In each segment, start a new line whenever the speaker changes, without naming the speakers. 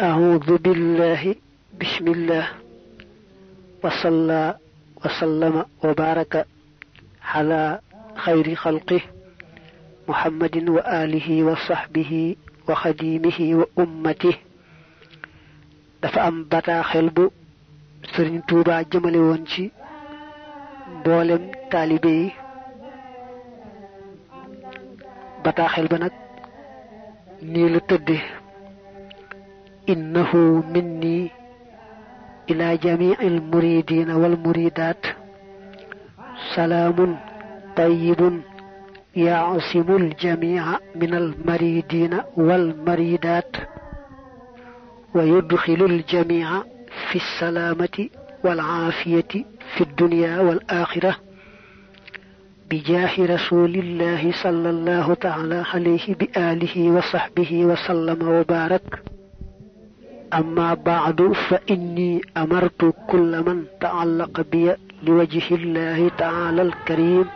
أعوذ بالله بسم الله وصلى وسلم وبارك على خير خلقه محمد وآله وصحبه وخديمه وأمته dafa am bataaxel bu sëriñ tuuba jëmale woon ci mboolem taalibe yi bataaxel ba nag nii la tëddee إنه مني إلى جميع المريدين والمريدات سلام طيب يعصم الجميع من المريدين والمريدات ويدخل الجميع في السلامة والعافية في الدنيا والآخرة بجاه رسول الله صلى الله تعالى عليه بآله وصحبه وسلم وبارك أما بعد فإني أمرت كل من تعلق بي لوجه الله تعالى الكريم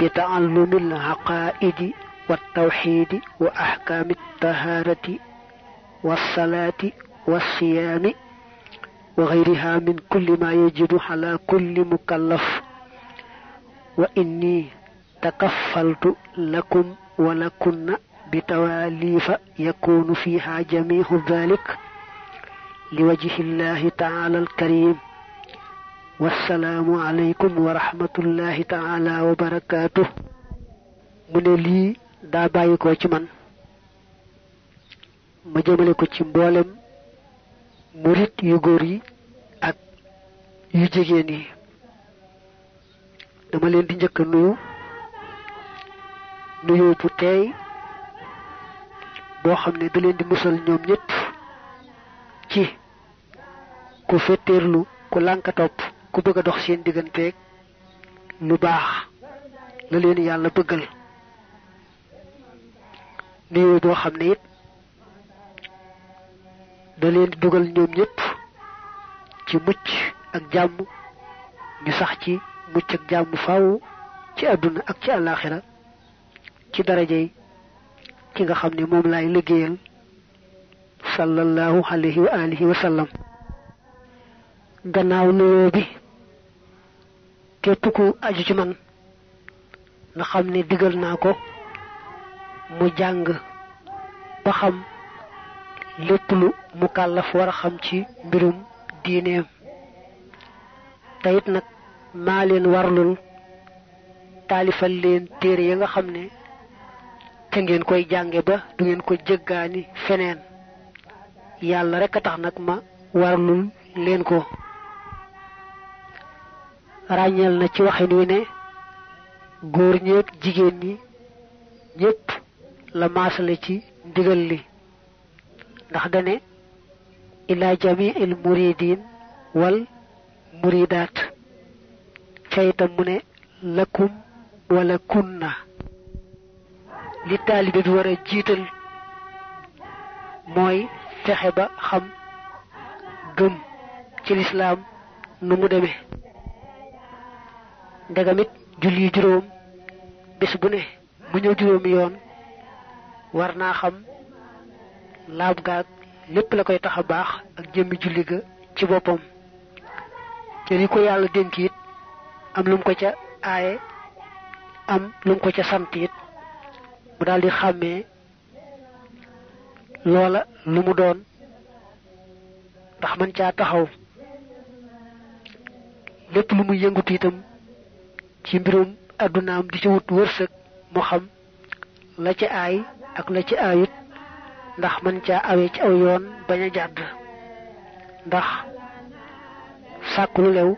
بتعلم العقائد والتوحيد وأحكام الطهارة والصلاة والصيام وغيرها من كل ما يجد على كل مكلف وإني تكفلت لكم ولكن bi tawaalifa yakunu fiha jamihu dhalik li wajhillahi taala alkarim aleykum wa rahmatullahi taala mu ne lii daa bàyyi ko ci man ma jëmale ko ci mboolem murit yu góor yi ak yu jigéen yi dama leen di njëkk a nuyu nuyu bu teey bo xamne da len di musal ñom ñëpp ci ku fetterlu ku lànka top ku bëgg dox seen digënté lu baax la len yalla bëggal ni boo xam xamne it da len di duggal ñom ñëpp ci mucc ak jamm ñu sax ci mucc ak jamm faaw ci aduna ak ci alakhirah ci ki nga xam ne moom laay liggéeyal sallallahu alayhi wa alihi wa gannaaw nuyoo bi képp ku aju ci man nga xam ne digal naa ko mu jàng ba xam lépp lu mu kàllaf war a xam ci mbirum diineem te nag maa leen warlul taalifal leen téere ya nga xam ne te ngeen koy jànge ba du ngeen ko jëggaani feneen yàlla rekk a tax nag ma warlul leen ko ràññeel na ci waxin wi ne góor ñeeg jigéen ñi ñépp la maasale ci ndigal li ndax dane ila jamiil muridin wal muridaat ca itam mu ne lakum wala kunna li taalibe bi war a jiital mooy fexe ba xam gëm ci lislaam nu mu demee ndegamit julli juróom bés bu ne mu ñëw juróomi yoon war naa xam laab gaag lépp la koy tax a baax ak jëmmi julli ga ci boppam te li ko yàlla dénk it am lum ko ca aaye am lu ko ca sant mu daldi xamé lumudon loola lu mu doon ndax man ca taxaw lepp lu mu yëngutu itam ci mbirum adunaam di ci wut wërsëg mu xam la ci aay ak la ci aayut ndax man ca awé ci aw yoon baña jadd ndax lu lew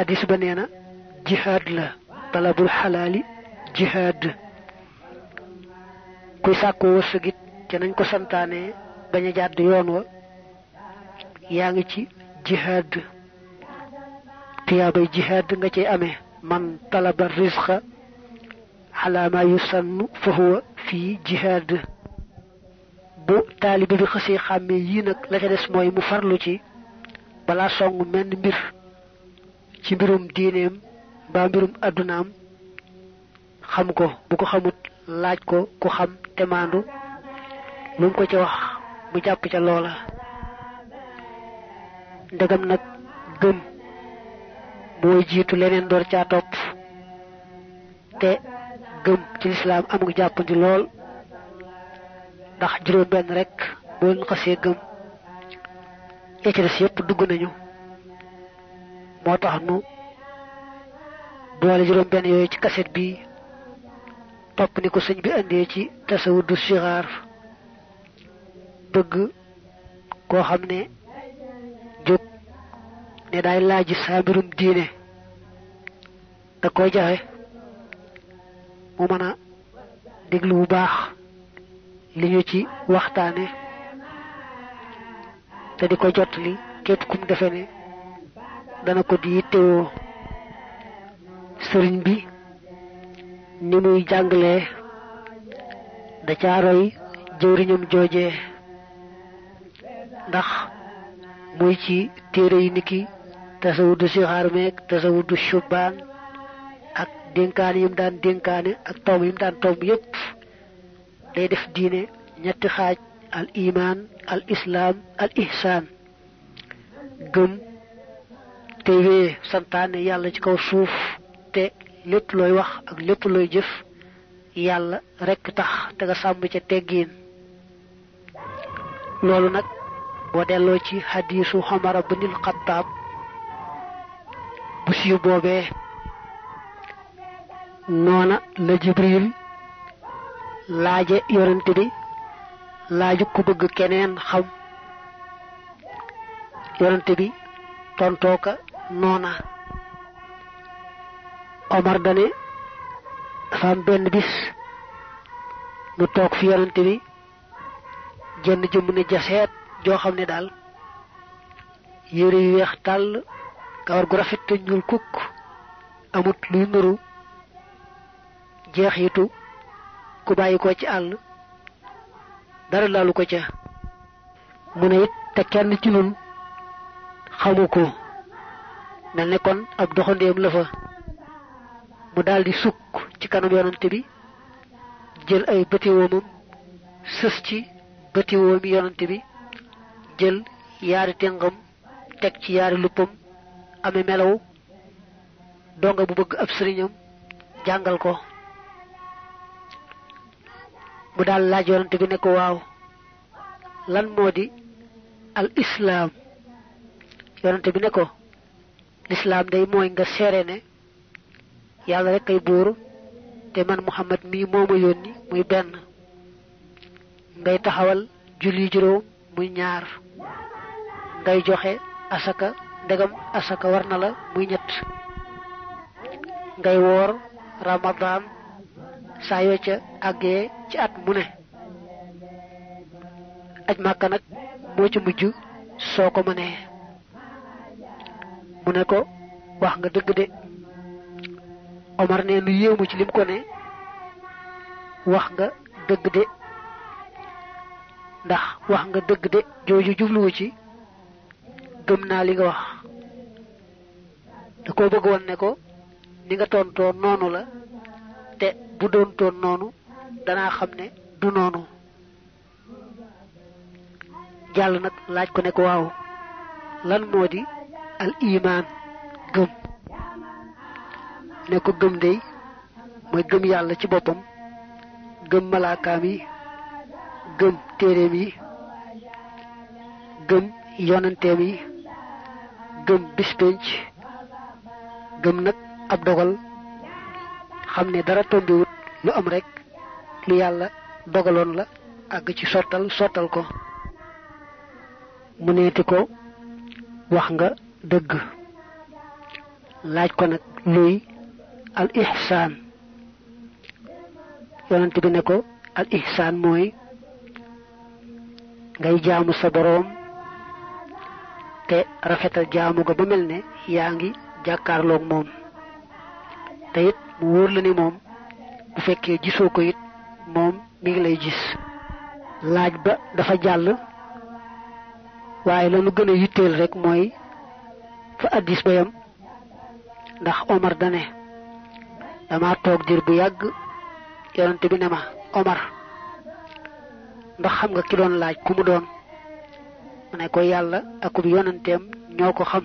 addis ba neena la talabul halali jihaad Kuisa sàkku wërsëgit ca nañ ko santaane bañ a jàdd yoon wa yaa ngi ci jihaad tiyaabay jihaad nga cay amee man talaba rizqa ala ma yusannu fa huwa fi jihad, bu tali bi xësee xàmmee yii nag la ca des mooy mu farlu ci balaa song menn mbir ci mbirum diineem mbaa mbirum addunaam xam ko bu ko xamut laaj ko ku xam te maandu lu ko ci wax mu jàpp ca loola ndegam nag gëm mooy jiitu leneen door caa topp te gëm ci lislaam amul jàppandi lool ndax juróom benn rek boo leen xasee gëm écrés yëpp dugg nañu moo tax nu boole juróom benn yooyu ci kaset bii topp ni ko sëñ bi indee ci tasawudu sixaar bëgg koo xam ne jóg ne daay laaji saa mbirum diine da koy jaxe mu mën a déglu bu baax li ñu ci waxtaane te di ko jot li képp kum defe ne dana ko di yittewoo sëriñ bi ni muy jàngalee da caa jëwriñam joojee ndax muy ci téere yi niki tasawudu sixaar meeg tasawudu shubbaan ak dénkaane yim daan dénkaane ak tomb yim daan tomb yépp day def diine ñetti xaaj al iman al gëm te santaane yàlla ci kaw suuf lépp looy wax ak lépp looy jëf yàlla rekk tax te nga sàmm ca teggiin loolu nag boo delloo ci xadiisu xomara binil xattaab bu siiw boobee noona la jibril laaje yonent bi laaju ku bëgg keneen xam yonent bi tontooka noona omar dane dafa am benn bis mu toog fi yonante bi jenn jëmm ne jaseet joo xam ne daal yére yu weex tàll kawar gu rafet te ñul kukk amut luy nuru jeexitu ku bàyyi ko ci àll dara laalu ko ca mu ne it te kenn ci ñun xamu ko ne kon ab doxandeem la fa mu daldi sukk ci kanam yonante bi jël ay bëti susci sës ci bëti woomi yonante bi jël yaari tengam tek ci yaari luppam amé melaw donga bu bëgg ab sëriñam jangal ko mu dal laaj yonante bi ne ko waaw lan modi al islam yonante bi ne ko l'islam day moy nga yàlla rek kay buur te man Muhammad mii moo yónni muy benn ngay taxawal julli juróom muy ñaar ngay joxe asaka ndegam asaka war na la muy ñett ngay woor Ramadan saayoo ca àggee ci at mu ne aj màkka nag moo ci mujj soo ko mënee mu ne ko wax nga dëgg de Omar ne lu yéemu ci lim ko ne wax nga dëgg de ndax wax nga dëgg de jooju jubluwu ci gëm naa li nga wax da ko bëgg woon ne ko ni nga tontoo noonu la te bu doon toon noonu danaa xam ne du noonu jàll nag laaj ko ne ko waaw lan moo di al gëm ne ko gëm dey mooy gëm yàlla ci boppam gëm malaakaam yi gëm téeréem yi gëm yonanteem yi gëm bispenc gëm nag ab dogal xam ne dara tombiwut lu am rekk lu yàlla dogaloon la àgg ci sottal sottal ko mu neeti ko wax nga dëgg laaj ko nag luy al ihsaan ne ko al mooy ngay jaamu sa boroom te rafetal jaamu ga ba mel ne yaa ngi jàkkaarloog moom te it mu wóor la ni moom bu fekkee gisoo ko moom mi ngi lay gis laaj ba dafa jàll waaye la nu gën a yitteel rekk mooy fa addis ba ndax Omar dane dama tok dir bu yag yonent bi ne omar ndax xam nga ki doon laaj ku mu doon mu ne ko yàlla akub yonanteem ñoo ko xam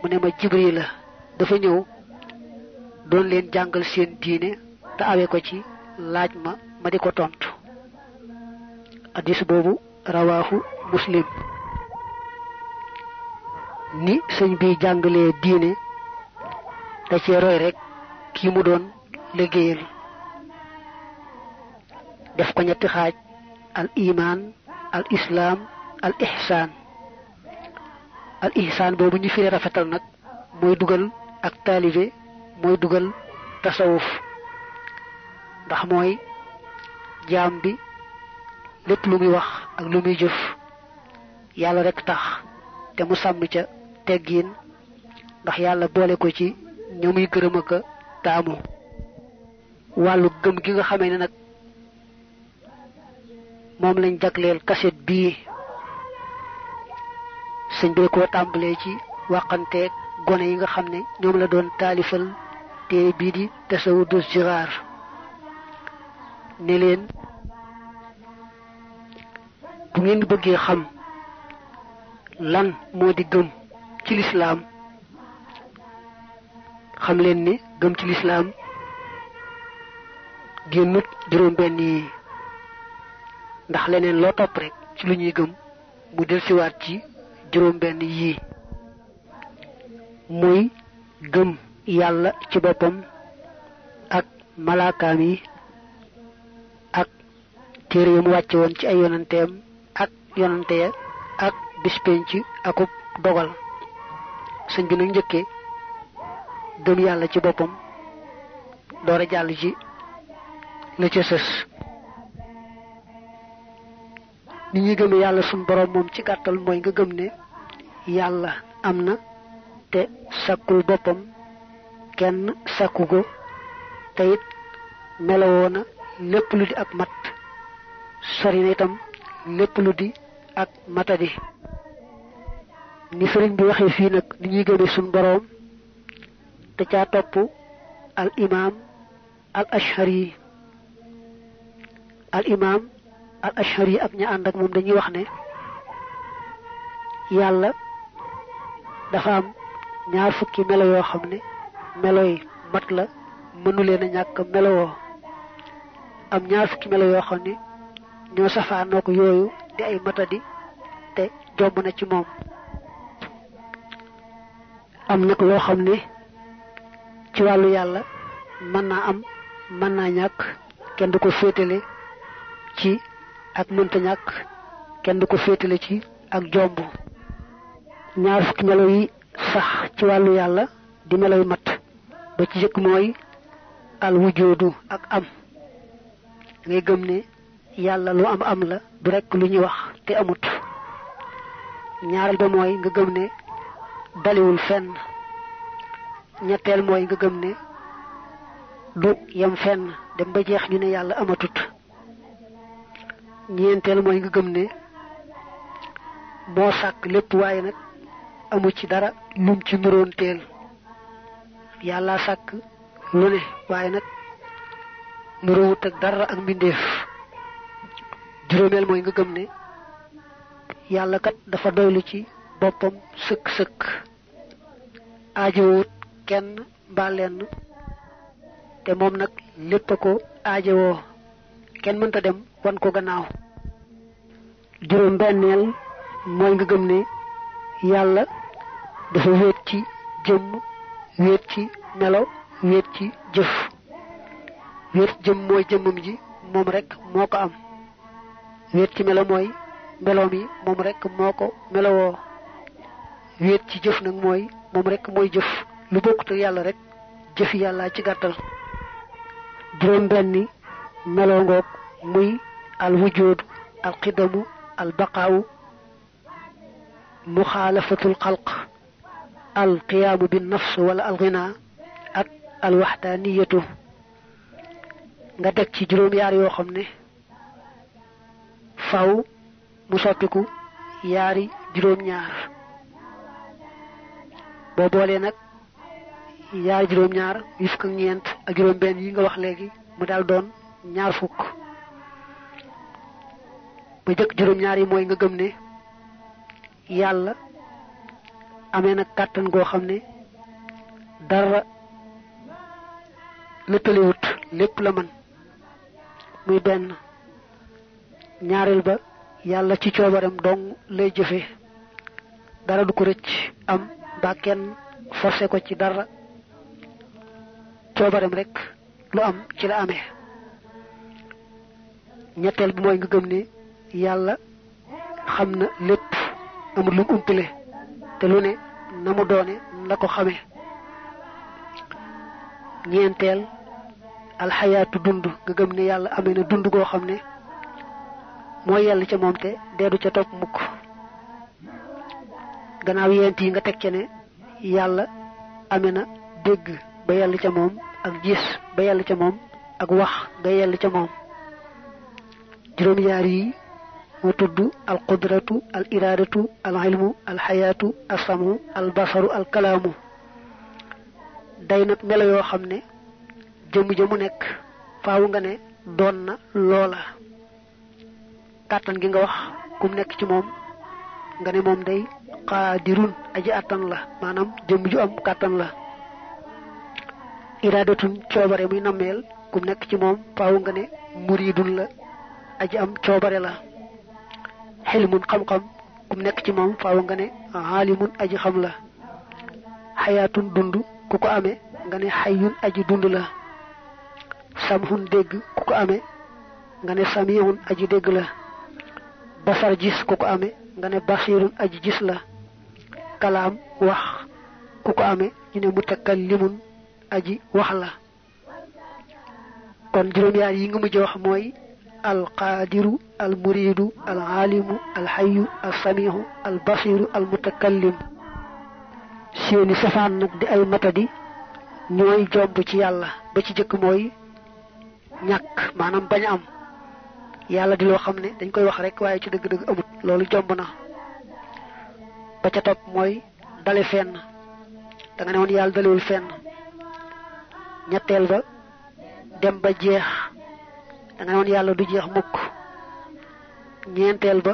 mu ne ma jibri la dafa ñëw doon leen jàngal seen diine te awe ko ci laaj ma ma di ko tontu hadis boobu rawaahu muslim ni sëñ bi jàngalee diine da cee roy rek kii mu doon liggéeyal def ko ñetti xaaj al iman al islaam al ihsaan al ihsaan boobu ñu firee rafetal nag mooy dugal ak taalibe mooy dugal tasawuf ndax mooy jaam bi lépp lu muy wax ak lu muy jëf yàlla rekk tax te mu sàmm ca teggiin ndax yàlla boole ko ci ñamuy gërëm ak taamu wàllu gëm gi nga xamee nag moom lañ jagleel kaset bii sëñ bi koo tàmbalee ci waxanteeg gone yi nga xam ne ñoom la doon taalifal téere bii di tasawudu siraar ne leen bu ngeen bëggee xam lan moo di gëm ci lislaam xam leen ni gëm ci lislaam génnut juróom benn yi ndax leneen loo topp rek ci lu ñuy gëm mu del waat ci juróom benn yi muy gëm yàlla ci boppam ak malaakaam yi ak téere yi mu wàcce woon ci ay yonanteem ak yonante ya ak bispenc akub dogal sëñ bi nag njëkkee gëm yàlla ci boppam door a jàll ci la ca sës ni ñuy gëmee yàlla suñu borom moom ci gàttal mooy nga gëm ne yàlla am na te sàkkul boppam kenn sàkku ko te it melowoo na lépp lu di ak mat sori na itam lépp lu di ak matadi ni sëriñ bi waxee fii nag ni ñuy gëmee suñu borom te caa topp al imaam al ashari al ak ña ànd ak moom dañuy wax ne yàlla dafa am ñaar fukki melo yoo xam ne melo yi mat la mënu leen a ñàkk melowoo am ñaar fukki melo yoo xam ne ñoo safaanoo yooyu di ay matadi te jomb na ci moom am nag loo xam ne ci wàllu yàlla mën naa am mën naa ñàkk kenn du ko féetale ci ak mënta ñàkk kenn du ko féetale ci ak jomb ñaar fukki melo yi sax ci wàllu yàlla di melo yu mat ba ci jëkk mooy al wujoodu ak am ngay gëm ni yàlla lu am am la du rekk lu ñuy wax te amut ñaareel ba mooy nga gëm ne daliwul fenn ñettel moy nga gëm ne du yam fenn dem ba jeex ñu ne yàlla amatut ñeenteel mooy nga gëm ne moo sàkk lépp waaye nag amu ci dara lum ci nuroon teel yàlla sàkk lu ne waaye nag nuroowut ak dara ak mbindeef juróomeel mooy nga gëm ne yàlla kat dafa doylu ci boppam sëkk sëkk aajowut kenn mbaa lenn te moom nag lépp ko aajowoo kenn mënta dem wan ko gannaaw juróom benneel mooy nga gëm ne yàlla dafa wéet ci jëmm wéet ci melo wéet ci jëf wéet jëm mooy jëmmam ji moom rek moo ko am wéet ci melo mooy meloom yi moom rek moo ko melowoo wéet ci jëf nag mooy moom rek mooy jëf lu bokkut yàlla rek jëf yàlla ci gàttal juróom benni meloo ngoog muy al wujud al qidamu al baqaawu muxaalafatul xalq al qiyaamu bi nafs wala al ghina ak al waxdaaniyatu nga tek ci juróom yaar yo xamne faw mu soppiku yaari juróom ñaar bo boolee nak yaar juróom-ñaar yu fukk ak ñeent ak juróom-benn yi nga wax léegi mu daal doon ñaar fukk ba jëkk juróom-ñaar yi mooy nga gëm ne yàlla amee na kàttan goo xam ne dara lëttaliwut lépp la mën muy benn ñaareel ba yàlla ci coobaram dong lay jëfe dara du ko rëcc am ba kenn forcé ko ci dara coobareem rek lu am ci la amee ñetteel bi mooy nga gëm ni yàlla xam na lépp amul lu mu umpale te lu ne na mu doone la ko xamee ñeenteel alxayaatu dund nga gëm ne yàlla amee na dund goo xam ne moo yàlla ca moom te deedu ca topp mukk gannaaw yent yi nga teg ca ne yàlla amee na dégg ba yàlla ca moom ak gis ba ca moom ak wax nga yell ca moom juróom yaar yi mu tudd al qudratu al iraadatu al ilmu al xayaatu al samu al basaru al kalaamu day nag melo yoo xam ne jëmm mu nekk faaw nga ne doon na loola kàttan gi nga wax kum nekk ci moom nga ne moom day qaadirun aji àttan la maanaam jëmm ju am kàttan la iraadatun coobare muy nammeel kum nekk ci moom faaw nga ne muriidun la aji am coobare la xilmun xam-xam kum nekk ci moom faaw nga ne xaalimun aji xam la xayaatun dund ku ko amee nga ne xayyun aji dund la samhun dégg ku ko amee nga ne samihun aji dégg la basar gis ku ko amee nga ne basirun aji gis la kalaam wax ku ko amee ñu ne mutakallimun aji wax la kon juróom yaar yi nga al qadiru al muridu al alimu al hayu al samihu al basiru al mutakallim seeni safaan nag di ay matadi ñooy jomb ci yàlla ba ci jëkk mooy ñàkk maanaam bañ am yàlla di loo xam ne dañ koy wax rek waaye ci dëgg-dëgg amut loolu jomb na ba ca topp fenn da nga fenn ñettel ba dem ba jeex da nga won yalla du jeex mukk ñeenteel ba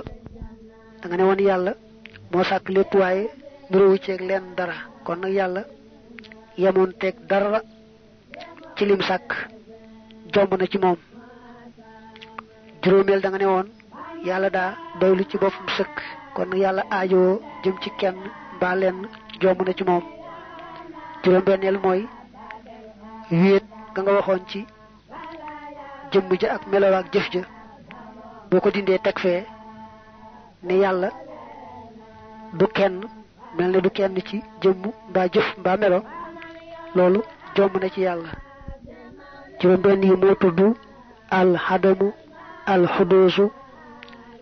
da nga ne woon yàlla moo sàkk lépp waaye ci ak len dara kon nak yalla yamon tek dara ci lim jom na ci mom juromel da nga ne yalla da doylu ci bofum sekk kon yalla yàlla jëm ci kenn ba len jom na ci mom juromel moy wéet ka nga waxoon ci jëmm ja ak melowaak jëf ja boo ko dindee teg fee ne yàlla du kenn mel du kenn ci jëmm mbaa jëf mbaa melo loolu jomb na ci yàlla juróom benn yi moo tudd alxadamu alxuduusu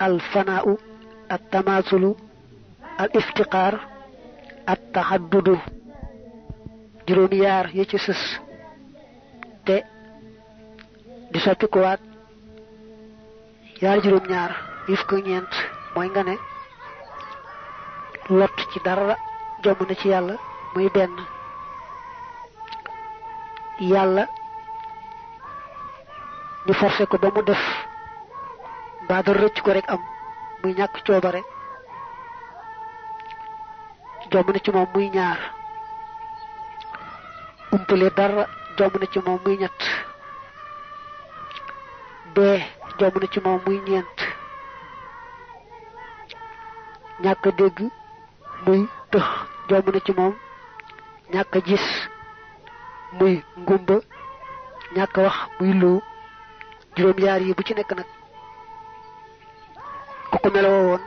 alfanaau al tamaasulu al iftiqaar al taxaddudu juróom yaar ya ci sës te di soppi ko wat yaar juróom ñaar yuf ko ñent moy nga ne lot ci dara jom na ci yalla muy ben yalla di forcé ko ba mu def ba dara rëcc ko rek am muy ñàkk coobare jom na ci mom muy ñaar dara jomb na ci mom muy ñett b jomb na ci mom muy ñent ñak degg muy tëx jomb na ci mom ñak gis muy ngumba ñak wax muy lu juroom yaar yi bu ci nekk nag ku ko melo woon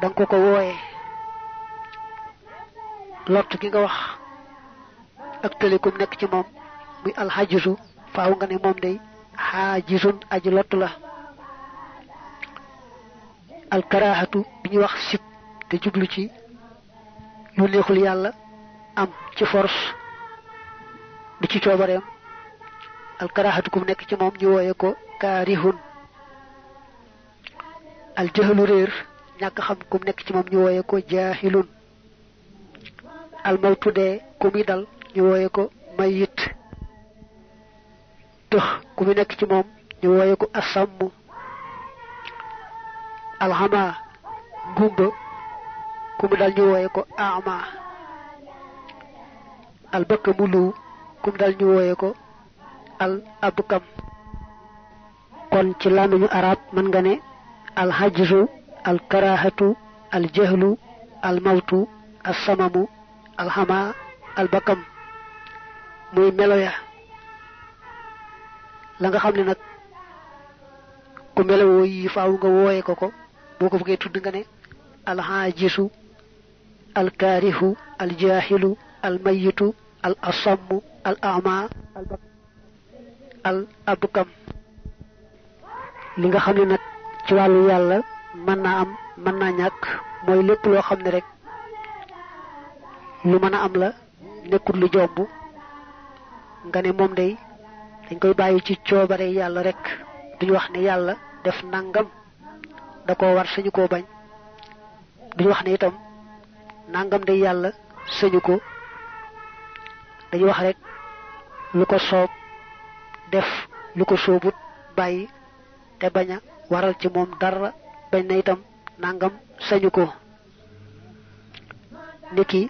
dang ko ko wooyee lott gi nga wax ak tëlikum nekk ci moom muy alxajisu faaw nga ne moom day xaajisun aji lottu la alkaraahatu bi ñuy wax sib te jublu ci lu neexul yàlla am ci force du ci coobareem alkaraahatu kum nekk ci moom ñu wooye ko kaarihun aljahalu réer ñàkk xam kum nekk ci moom ñu wooye ko jaahilun almawtu dee ku muy dal ñu wooye ko mayit tëx gu nekk ci moom ñu wooye ko asàmm alxama gumba ku dal ñu wooye ko ama albëkka mu luw ko al kon ci làmmiñu arab mën nga ne alxajru alkarahatu aljahlu almawtu alsamamu alxama albakam muy melo ya la nga xam ne nag ku melowoo yi faaw nga wooye ko ko boo ko bëggee tudd nga ne alxaajisu alkaarihu aljaahilu almayitu al asamm al li nga xam ne nag ci wàllu yàlla mën naa am mën naa ñàkk mooy lépp loo xam ne rek lu mën a am la nekkul lu jomb nga ne moom day dañ koy bàyyi ci coobare yàlla rek duñu wax ne yàlla def nangam da koo war sañu koo bañ duñu wax ne itam nangam de yàlla sañu ko dañu wax rekk lu ko soob def lu ko soobut bàyyi te bañ a waral ci moom dara bañ na itam nangam sañu ko niki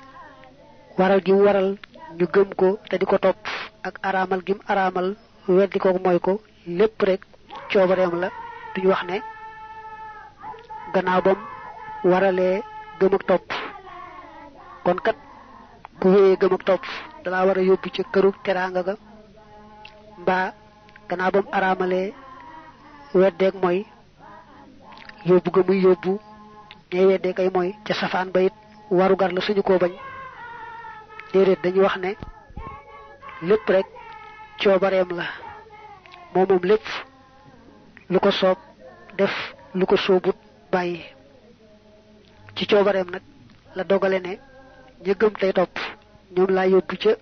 waral gi waral ñu gëm ko te di ko topp ak araamal gim araamal weddi ko mooy ko lépp rek coobareem la duñu wax ne gannaaw bam waralee gëm ak topp kon kat bu wéyee gëm ak topp dalaa war a yóbbu ca këru teraanga ga mbaa gannaaw bam araamalee weddeeg mooy yóbbu ga muy yóbbu ñay weddee kay mooy ca safaan ba it warugar la suñu ko bañ déedéet dañu wax ne lépp rek coobareem la moo moom lépp lu ko soob def lu ko soobut bàyyi ci coobareem nag la dogale ne ña gëm tey topp ñoom laa yóbbu ca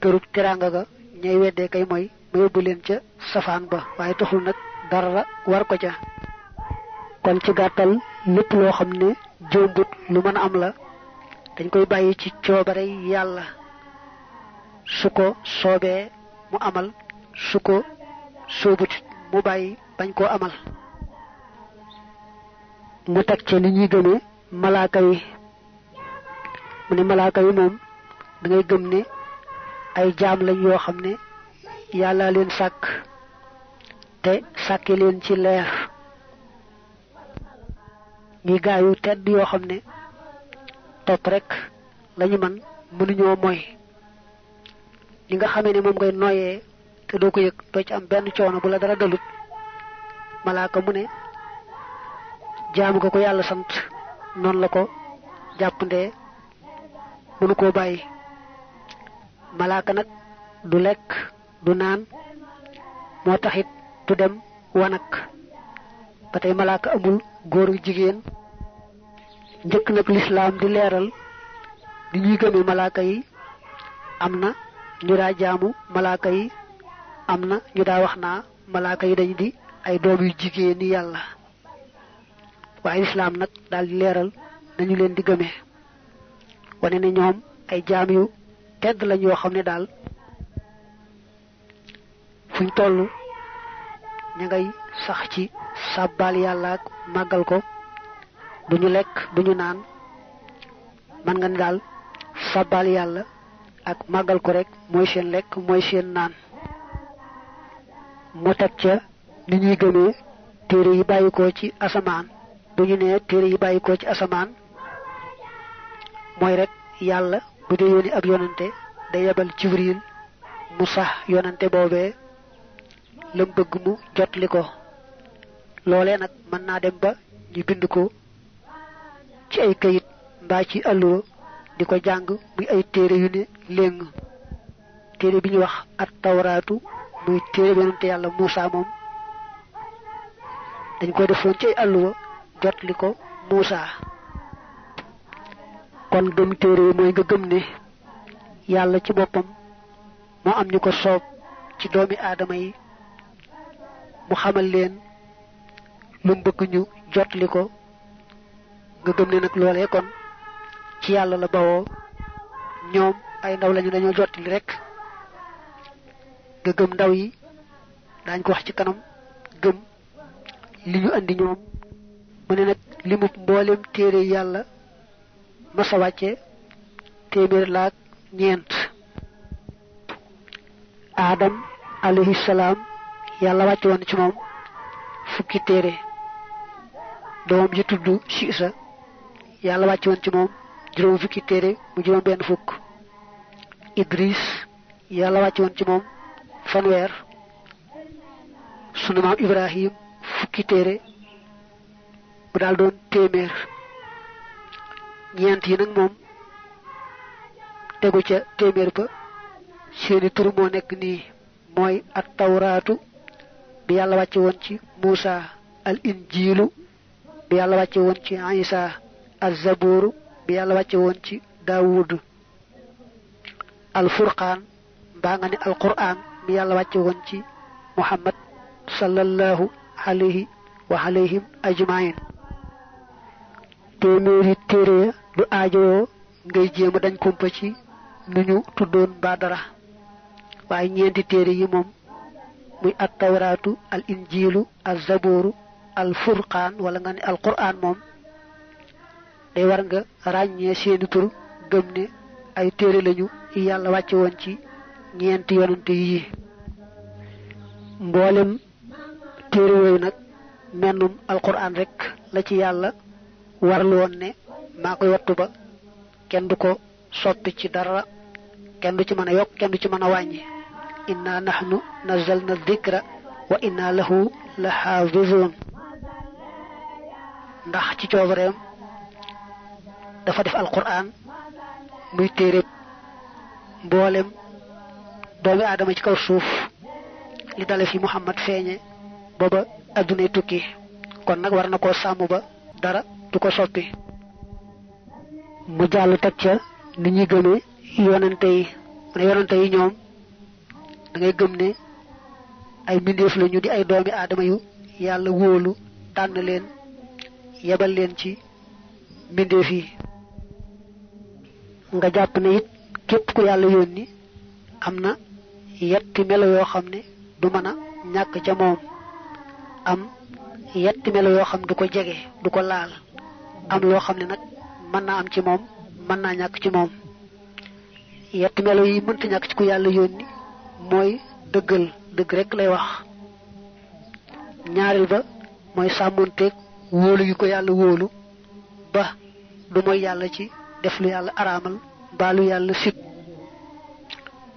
kërub teraanga ga ñay weddee kay mooy ma yóbbu leen ca safaan ba waaye taxul nag dara war ko ca kon ci gàttal lépp loo xam ne jombut lu mën a am la dañ koy bàyyi ci coobare yàlla su ko soobee mu amal su ko soobut mu bàyyi bañ koo amal mu teg ci ni ñuy gëmee malaaka yi mu ne malaaka yi moom da ngay gëm ne ay jaam lañ yoo xam ne yàlla leen sàkk te sàkki leen ci leer ñi gaayu tedd yoo xam ne topp rek lañu man mënuñoo moy li nga xamee ne moom ngay noyee te doo ko yëg doo ci am benn coono bu la dara dalut malaaka mu ne jaamu ko ko yàlla sant noonu la ko jàppandee mënu ko bàyyi malaaka nag du lekk du naan moo taxit du dem wanak ba tey malaaka amul góor ak jigéen njëkk nag lislaam di leeral ni ñuy gëme malaaka yi am na ñu daa jaamu malaaka yi am na ñu daa wax naa malaaka yi dañ di ay doom yu jigéen yàlla waaye lislaam nag daal di leeral dañu leen di gëme wane ne ñoom ay jaam yu tedd lañ yoo xam ne daal fuñ tollu ñu ngay sax ci sàbbaal yàlla ak màggal ko duñu lek duñu naan man nga daal sabbal yalla ak magal ko rek moy seen lek moy seen naan mu teg ca ni ñuy gëmee téré yi bayiko ci asaman duñu nee yi bayiko ci asaman moy rek yalla bu dee yoni ak yonante day yabal jibril musa yonenté bobé lam bëgg mu dem ba ñu bind ko ci ay kayit mbaa ci alluwa di ko jàng muy ay téere yu ne léng téere bi ñuy wax at tawraatu muy téere bi yàlla Muusa moom dañ ko defoon ci ay alluwa jot li ko Muusa kon gëm téere yi mooy nga gëm ne yàlla ci boppam moo am ñu ko soob ci doomi aadama yi mu xamal leen lu mu ñu jot ko nga gëm ne nag loolee kon ci yàlla la bawoo ñoom ay ndaw lañu dañoo jottali rek nga gëm ndaw yi daañ ko wax ci kanam gëm li ñu andi ñoom mu ne nag li mu mbooleem téere yàlla masa wàcce téeméer laak ñeent aadam alayhi salaam yàlla wàcce woon ci moom fukki téere doom ji tudd siisa yàlla wàcc woon ci moom juróom fukki téere mu juróom benn fukk idris yàlla wàcc woon ci moom fanweer sunu maam ibrahim fukki téere mu daal téeméer ñeent yi nag moom tegu ca téeméer ba seeni tur nekk nii mooy at tawraatu bi yàlla wàcce woon ci muusa al injiilu bi yàlla wàcce woon ci isa alzabooru bi yàlla wàcce woon ci yàlla wàcce woon ci muhammad sallallahu alayhi téeméeri téere ya du aajowoo ngay jéema dañ kumpa ci nu tuddoon mbaa waaye ñeenti téere yi moom muy at tawraatu al injiilu al zabooru al furqaan wala nga ne al quraan moom day war nga ràññee seeni tur gëm ne ay téere lañu yàlla wàcce woon ci ñeenti yonante yii mboolem téere yooyu nag mennum alquran rek la ci yàlla warlu woon ne maa koy wattu ba kenn du ko soppi ci dara kenn du ci mën a yokk kenn du ci mën a wàññi inna nahnu nazzalna dhikra wa inna lahu la xaafizuun ndax ci coobareem dafa def alquran muy téere mboolem doomi aadama ci kaw suuf li dale fi Muhammad feeñe booba addunay tukki kon nag war na koo sàmm ba dara du ko soppi mu jàll teg ca ni ñuy gëmee yonante yi mu ne yonante yi ñoom dangay ngay gëm ne ay mbindeef la di ay doomi aadama yu yàlla wóolu tànn leen yebal leen ci mbindeef yi nga jàpp ne it képp ku yàlla yónni am na yetti melo yoo xam ne du mën a ñàkk ca moom am yetti melo yoo xam du ko jege du ko laal am loo xam ne nag mën na am ci moom mën naa ñàkk ci moom yetti melo yi mënta ñàkk ci ku yàlla yónni mooy dëggal dëgg rek lay wax ñaareel ba mooy sàmmonteeg wóolu yu ko yàlla wóolu ba du mooy yàlla ci def lu yàlla araamal mbaa yàlla sib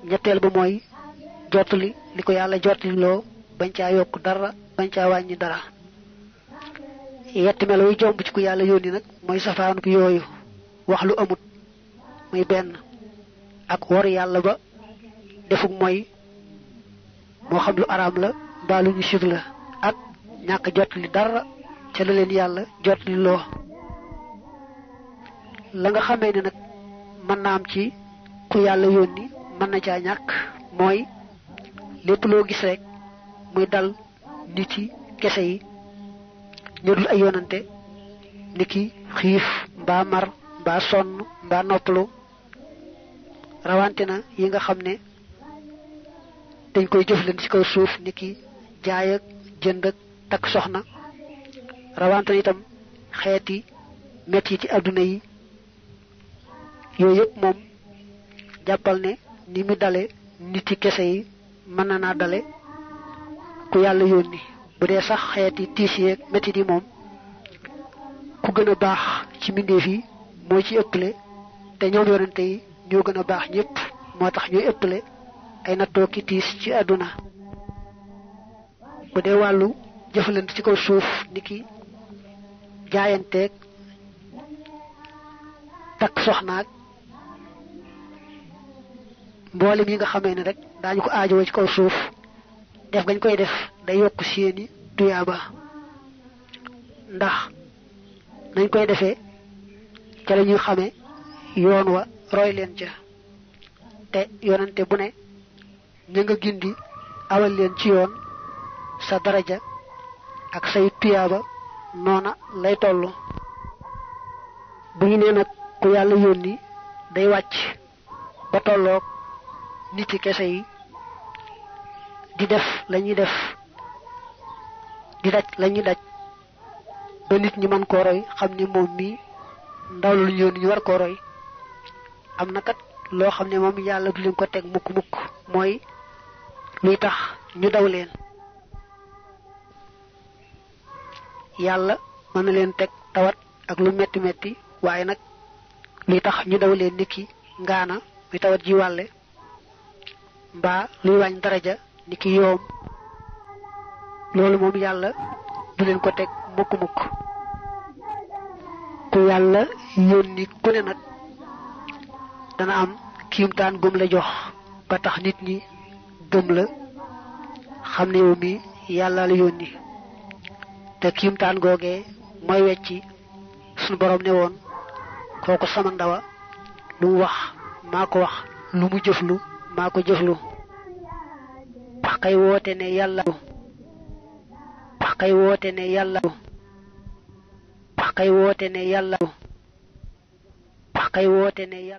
ñetteel ba mooy jotli li ko yàlla jottali loo bañ caa yokk dara bañ caa wàññi dara yetti melo jomb ci ku yàlla yónni nag mooy safaanu yooyu wax lu amut muy benn ak wor yàlla ba defuk mooy moo xam lu araam la mbaa lu ñu sib la ak ñàkk jottali dara ca la leen yàlla jottali loo la nga xamee ne nag mën naa am ci ku yàlla yónni mën na caa ñàkk mooy lépp loo gis rekk muy dal nit yi kese yi ñu dul ay yonante ni ki xiif mbaa mar mbaa sonn mbaa noppalu rawante na yi nga xam ne dañ koy jëflante ci kaw suuf ni ki jaay ak jënd ak takk soxna rawante na itam xeeti yi ci àdduna yi yooyu yëpp moom jàppal ne ni mu dale nit yi kese yi mën na naa dale ku yàlla yónni bu dee sax xeeti tiis yeeg métit yi moom ku gën baax ci mbindeef yi moo ci ëpple te ñoom yonente yi ñoo gën a baax ñëpp moo tax ñooy ëpple ay nattoo ki tiis ci àdduna bu dee wàllu jëfalante ci kaw suuf ni ki jaayanteeg takk soxnaak mbolim yi nga xamé ni rek daañu ko aajo ci kaw suuf def gañ koy def day yok seeni tuyaaba ndax nañ koy defé ci la xamé yoon wa roy leen ci te yonante bu né nga gindi awal leen ci yoon sa daraja ak say tuyaaba nona lay tollu bu ñu né nak ku yàlla yónni day wacc ba tollok nit yi kese yi di def lañu def di daj lañu daj ba nit ñi man ko roy xamni mom mi ndaw lu ñu ñu war ko roy am kat lo xamni ya yalla du leen ko tek mukk mukk moy luy tax ñu daw leen yalla man leen tek tawat ak lu metti metti waye nak luy tax ñu daw leen niki ngana bi tawat ji walé ba luy wañ ja niki yoom loolu moom yàlla du leen ko teg mukk mukk ku yàlla yónni ku ne nag dana am kiimtaan gum la jox ba tax nit ñi gëm la xam ne yow mi yàlla la yónni te kiimtaan googee mooy wecci suñu borom ne woon kooku sama ndawa lu wax maa wax lu mu jëflu maa ko jëflu wax kay woote ne yàlla wax kay woote ne yàlla wax kay woote ne yàlla wax kay woote ne yàlla